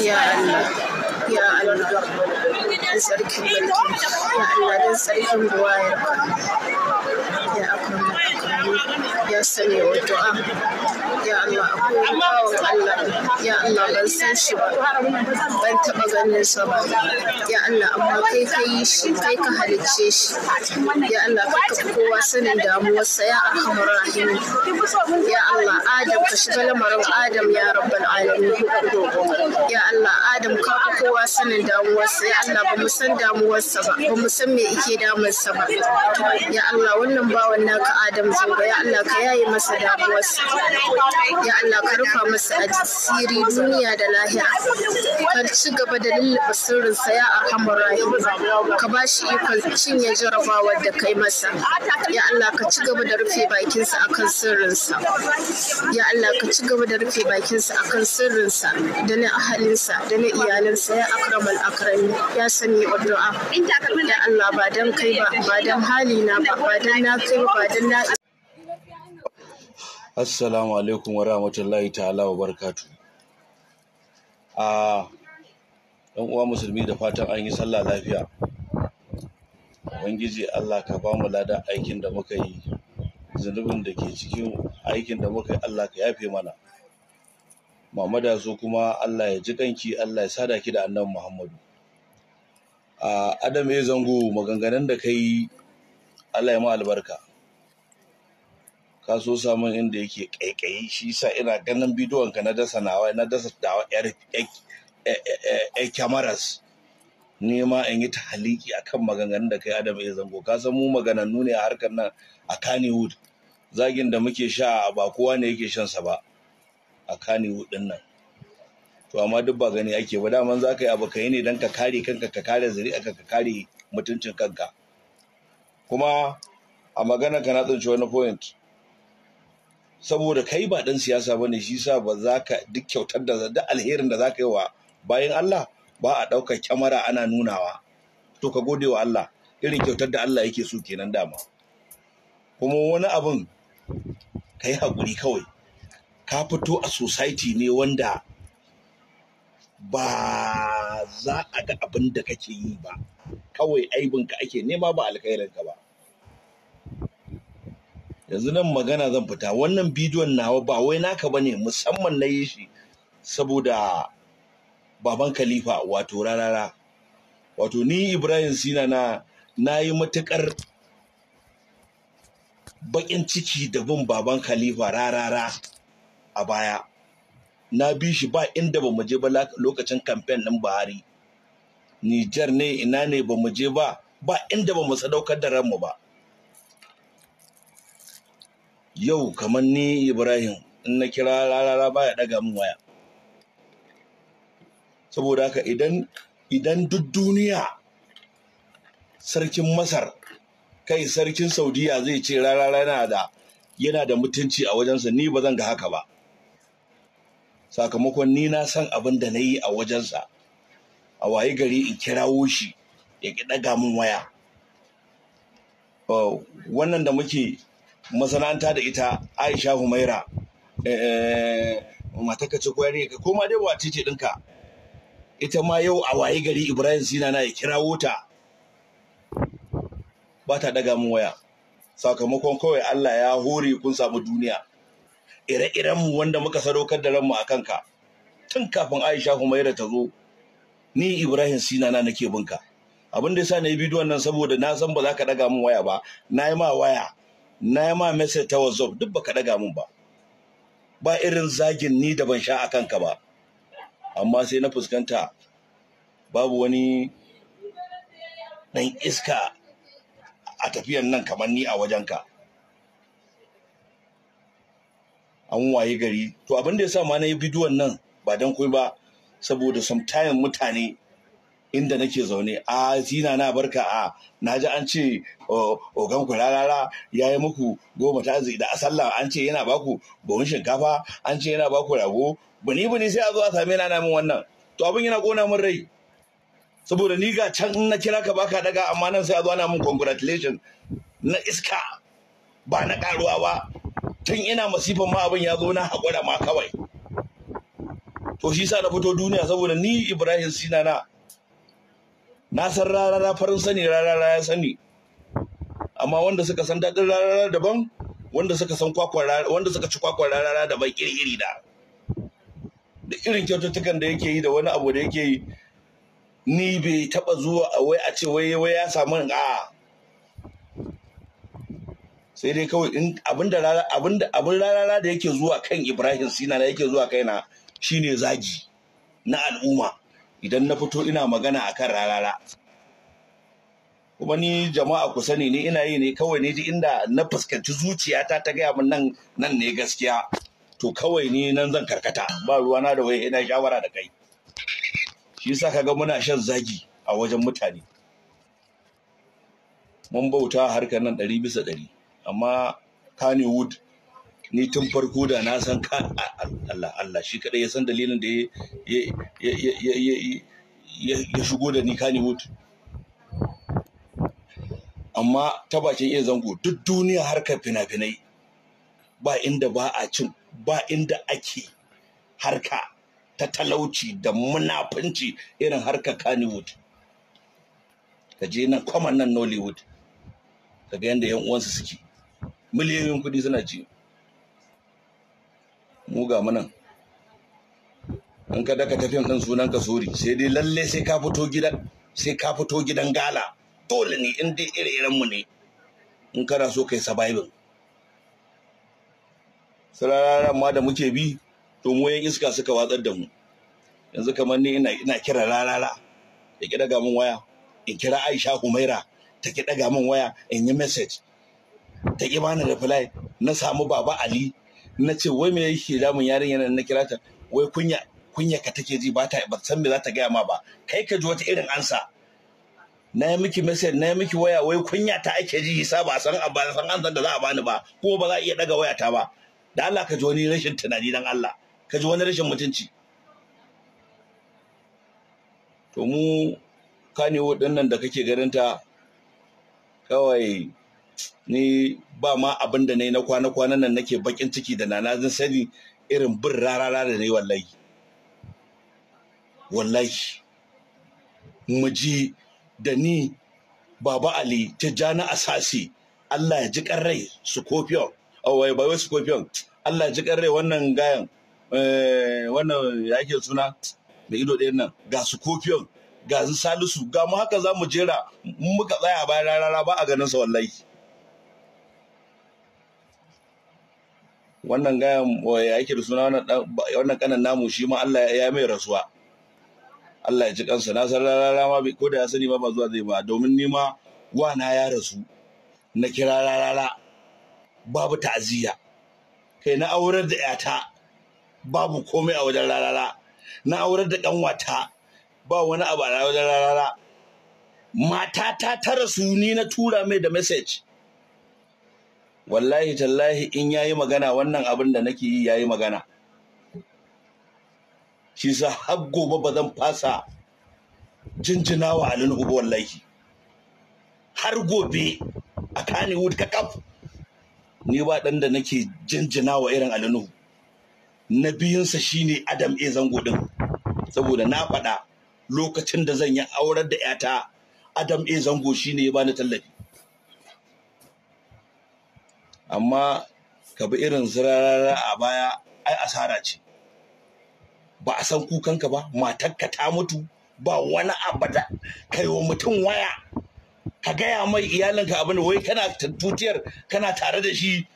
yeah, yeah, I don't know. dan sarkin barki ya Allah dan sarkin ruwa, ya akwai ya sani wa du'a ya Allah akwai bawan Allah ya Allah ban san shi ba ban taɓa ganin sa ba ya Allah amma kai ka yi shi kai ka halicce shi ya Allah ka tafi kowa sanin damuwarsa ya arhamar rahim ya Allah Adam ka shiga lamarin Adam ya rabbal alamin ya Allah Adam ka kowa sanin damuwarsa ya Allah ba mu san damuwarsa ba ba mu san me yake damunsa ba ya Allah wannan bawan naka Adam Zango ya Allah ka yayi masa damuwarsa ya Allah ka rufa masa asiri duniya da lahira ka ci gaba da lullaba sirrinsa ya arhamar rahim ka ba shi ikon cinye jarabawar da kai masa ya Allah ka ci gaba da rufe bakinsa akan sirrinsa ya Allah ka ci gaba da rufe bakinsa akan sirrinsa da na ahalinsa da na iyalinsa ya akramal akrami ya san yi addu'a da Allah ba dan kai ba ba dan halina ba ba dan na kai ba dan na Assalamu alaikum wa rahmatullahi ta'ala wa barakatu. A ah, ɗan uwa musulmi da fatan an yi sallah lafiya. Ubangiji Allah ka ba mu ladan aikin da muka yi. Zunubin da ke cikin aikin da muka yi Allah ka yafe mana. Mamada su kuma Allah ya ji kanki Allah ya sada ki da annan Muhammadu. Adam ya Zango maganganun da kai Allah ya ma albarka. Ka so samun inda yake ƙaiƙayi shi sa ina ganin bidiyon ka na dasa nawa na dasa dawa yar kyamaras nema in yi tahaliki akan maganganun da kai Adam ya Zango ka san mu maganannu ne a harkar nan a kanewood zagin da muke sha ba kowa ne yake shan sa ba a kanewood din nan. to amma duk ba gani ake ba daman za ka yi abu ka yi ne don ka kare kanka ka kare zuri'arka ka kare mutuncin kanka kuma a magana ka na tsinci wani point saboda kai ba dan siyasa ba ne shi sa ba za ka duk kyautar da duk alherin da za ka yi wa bayan Allah ba a ɗaukar kyamara ana nunawa to ka gode wa Allah irin kyautar da Allah yake so kenan dama kuma wani abin ka yi haƙuri kawai ka fito a society ne wanda ba za a ga abin da kake yi ba kawai aibinka ake nema ba alkhairinka ba yanzu nan magana zan fita wannan bidiyon nawa ba wai naka bane musamman na yi shi saboda baban khalifa wato rarara wato ni ibrahim sina na na yi matuƙar baƙin ciki da bin baban khalifa rarara a baya na bi shi ba inda ba je ba lokacin kamfen ɗin Buhari Nijar ne ina ne ba je ba ba inda ba mu sadaukar da ranmu ba yau kamar ni Ibrahim in na kira rarara ba ya ɗaga min waya saboda haka idan duk duniya sarkin masar kai sarkin saudiya zai ce rarara yana da yana da mutunci a wajensa ni ba zan ga haka ba sakamakon ni na san abin da na yi a wajensa a waye gari in kirawo shi ya ki ɗaga min waya oh, wannan da muke masana'anta da ita aisha humaira eh, mataka ce kwari ka koma dai wace ce ɗinka ita ma yau a waye gari ibrahim sina na ya kirawo ta ba ta ɗaga min waya sakamakon kawai allah ya hore kun samu duniya ire-irenmu wanda muka sadaukar da ranmu a kanka tun kafin aisha humaira ta zo ni ibrahim sina na nake binka abin da yasa na yi bidiyon nan saboda na san ba za ka daga min waya ba na yi ma waya na yi ma message ta whatsapp duk baka daga min ba ba irin zagin ni da ban sha a kanka ba amma sai na fuskanta babu wani dan iska a tafiyan nan kamar ni a wajenka an waye gari to abin da ya sa ma na yi bidiyon nan ba dan koi ba saboda sometimes mutane inda nake zaune a zina na barka a na ji an ce ogan ku rarara ya yi muku goma ta zai da asalla an ce yana baku buhun shinkafa an ce yana baku rago bani bani sai a zo a same na wannan to abin yana kona min rai saboda ni ga can na kira ka baka daga amma nan sai a zo ana min congratulation na iska ba na karuwa ba tun ina masifan ma abin ya zo na haƙura ma kawai to shi sa na fito duniya saboda ni ibrahim sina na na san rarara farin sani rarara ya sani amma wanda suka san daɗin rarara daban wanda suka san kwakwar wanda suka ci kwakwar rarara daban iri-iri da da irin kyaututtukan da yake yi da wani abu da yake yi ni bai taɓa zuwa wai a ce wai ya samu a sai dai kawai in abin rara da yake zuwa kan Ibrahim Sina da yake zuwa kaina shine zagi na al'umma idan na fito ina magana akan rarara kuma ni jama'a ku sani ni ina yi ne kawai ne inda na fuskanci zuciyata ta gaya min nan nan ne gaskiya to kawai ne nan zan karkata ba na da wai ina shawara da kai shi ka ga muna shan zagi a wajen mutane mun bauta harkar nan ɗari bisa ɗari amma Kannywood ni tun farko da na san ka Allah Allah shi kadai ya san dalilin da ya shigo da ni Kannywood amma ta bakin iya zango duk duniya harkar fina-finai ba inda ba a cin ba inda ake harka ta talauci da munafunci irin harka Kannywood ka je nan kwaman nan Nollywood ka ga yadda 'yan uwansu suke miliyoyin kuɗi suna ci mu ga munan An ka daka fim din sunan ka sori sai dai lalle sai ka fito gidan sai ka fito gidan gala dole ne in dai ire-iren mu ne in kana so kai surviving sarara ma da muke bi to mu yan iska suka watsar da mu yanzu kamar ni ina ina kira rarara ya ki daga min waya in kira Aisha Humaira ta ki daga min waya in yi message ta ƙi bani fulai na samu baba ali na ce wai me yake damun yarin yana na kira ta wai kunya kunya ka take ji ba ta ba san me za ta gaya ma ba kai ka ji wata irin ansa na yi miki message na yi miki waya wai kunya ta ake ji hisa ba san ba san ansan da za a bani ba ko ba za a iya daga waya ta ba da Allah ka ji wani rashin tunani dan Allah ka ji wani rashin mutunci to mu kanewo dinnan da kake garinta kawai ni ba ma abin da na yi na kwana-kwanan nan nake bakin ciki da nana zan sani irin bin rarara da na yi wallahi wallahi ji da ni baba ali ta ja na asasi allah ya ji rai su kofiyon awai oh, ba wai su kofiyon allah ya ji rai wannan gayan eh, wannan ya ke suna da ido ɗaya nan ga su kofiyon ga salisu ga mu haka za mu jera muka tsaya bayan rarara ba a ganin sa wallahi wannan gayan ya yake da suna wannan kanan namu shi ma Allah ya mai rasuwa Allah ya ji kansa na san rarara ma ko da ya sani ba ba zuwa zai ba domin ni ma wa na ya rasu na kira rarara babu ta'aziyya kai na aurar da yata babu komai a wajen rarara na aurar da ƙanwata ba wani abu a wajen rarara matata ta rasu ni na tura mai da message wallahi tallahi in ya yi magana wannan abin da nake yi yayi magana shi sa har gobe ba zan fasa jinjina wa alin uba wallahi har gobe a kanewood ka kaf ni ba dan da nake jinjina wa irin Nuhu. na biyunsa shine adam e zango din saboda na faɗa lokacin da zan yi aurar da 'yata adam e zango shine ya bani tallafi amma ka bi irin zirarara a baya ai asara ce ba a san kukanka ba matarka ta mutu ba wani abu da kai wa mutum waya ka gaya mai iyalinka abin wai kana tutiyar kana tare da shi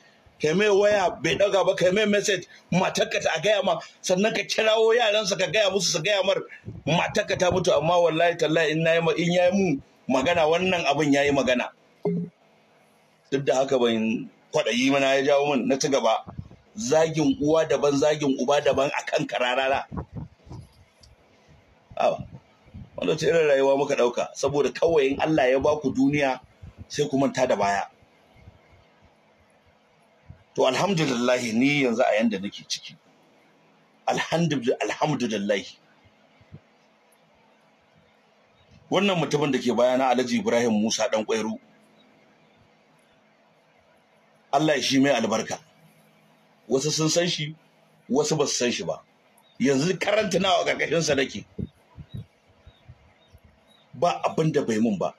kai mai waya bai daga ba kai mai message matarka ta gaya ma sannan ka kirawo yaransa ka gaya musu su gaya mar matarka ta mutu amma wallahi tallahi in nayi in yayi mu magana wannan abin yayi magana duk da haka ban kwaɗayi mana ya jawo min na ci gaba zagin uwa daban zagin uba daban a kan kararara wanda ce irin rayuwa muka ɗauka saboda kawai in Allah ya ba ku duniya sai ku manta da baya to alhamdulillah ni yanzu a yanda nake ciki alhamdulillah wannan mutumin da ke bayana alhaji ibrahim musa dan kwairo. Allah shi mai albarka wasu sun san shi wasu ba su san shi ba yanzu karanta nawa ƙarƙashinsa nake ba abin da bai mun ba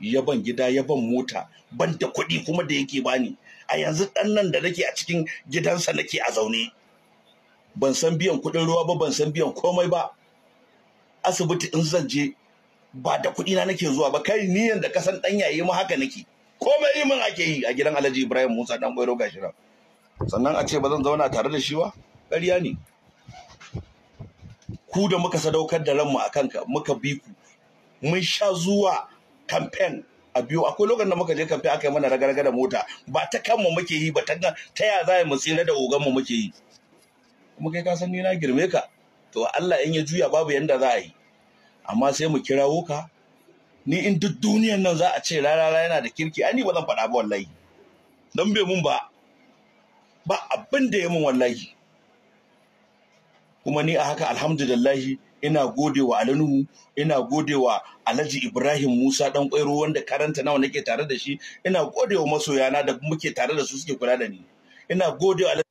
ya ban gida ya ban mota ban da kuɗi kuma da yake bani a yanzu ɗan nan da nake a cikin gidansa nake a zaune ban san biyan kuɗin ruwa ba ban san biyan komai ba asibiti in zan je ba da kuɗi na nake zuwa ba kai niyan da kasan ɗan yayi mu haka nake komai yi min ake yi a gidan alhaji ibrahim musa dan gwairo gashi nan sannan a ce ba zan zauna tare da shi ba ƙarya ne ku da muka sadaukar da ranmu a kanka muka bi ku mun sha zuwa kamfen a biyu akwai lokacin da muka je kamfen aka yi mana ragaraga da mota ba ta kanmu muke yi ba ta ya za mu tsira da ogan mu muke yi kuma kai ka san ni na girme ka to Allah in ya juya babu yanda za a yi amma sai mu kirawo ka ni in duk duniyan nan za a ce rarara yana da kirki ai ni ba zan faɗa ba wallahi dan bai mun ba ba abin da ya mun wallahi kuma ni a haka alhamdulillahi ina gode wa alanuhu ina gode wa alhaji ibrahim musa dan kwairo wanda karanta nawa nake tare da shi ina gode wa masoyana da muke tare da su suke kula da ni ina gode wa